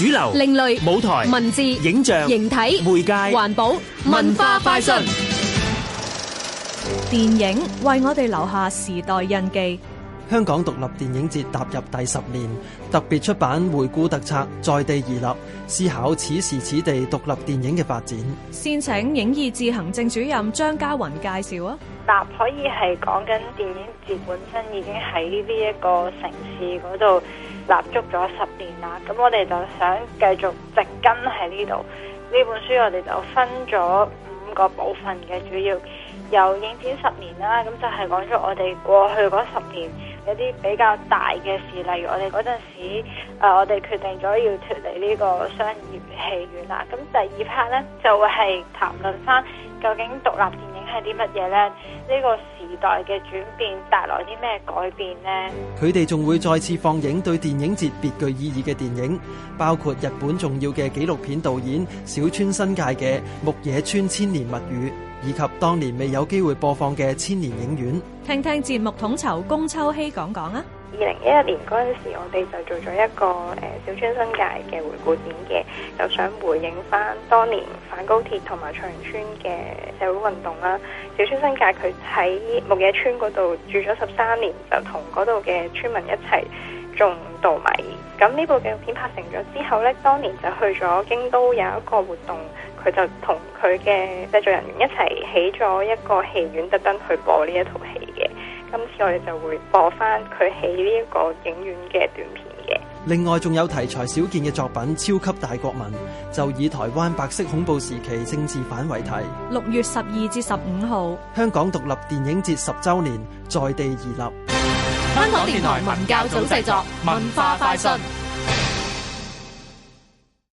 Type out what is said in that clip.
主流、另類、舞台、文字、影像、形體、媒介、環保、文化快訊、電影，為我哋留下時代印記。香港獨立電影節踏入第十年，特別出版回顧特冊，在地而立，思考此時此地獨立電影嘅發展。先請影意志行政主任張嘉雲介紹啊。嗱，可以係講緊電影節本身已經喺呢一個城市嗰度立足咗十年啦。咁我哋就想繼續植根喺呢度。呢本書我哋就分咗五個部分嘅，主要由影片十年啦。咁就係講咗我哋過去嗰十年。有啲比較大嘅事，例如我哋嗰陣時、呃，我哋決定咗要脫離呢個商業戲院啦。咁第二 part 呢，就係、是、談論翻究竟獨立電影係啲乜嘢呢？呢、呢個時代嘅轉變帶來啲咩改變呢？佢哋仲會再次放映對電影節別具意義嘅電影，包括日本重要嘅紀錄片導演小川紳介嘅《牧野村千年物語》。以及當年未有機會播放嘅千年影院，聽聽節目統籌龔秋熙講講啊！二零一一年嗰陣時，我哋就做咗一個誒小川紳介嘅回顧展嘅，就想回應翻當年反高鐵同埋長村嘅社會運動啦。小川紳介佢喺牧野村嗰度住咗十三年，就同嗰度嘅村民一齊。仲稻米，咁呢部紀錄片拍成咗之後咧，當年就去咗京都有一個活動，佢就同佢嘅製作人員一齊起咗一個戲院，特登去播呢一套戲嘅。今次我哋就會播翻佢喺呢一個影院嘅短片嘅。另外仲有題材少見嘅作品《超級大國民》，就以台灣白色恐怖時期政治犯為題。六月十二至十五號，香港獨立電影節十周年，在地而立。香港電台文教組製作，文，文化快訊。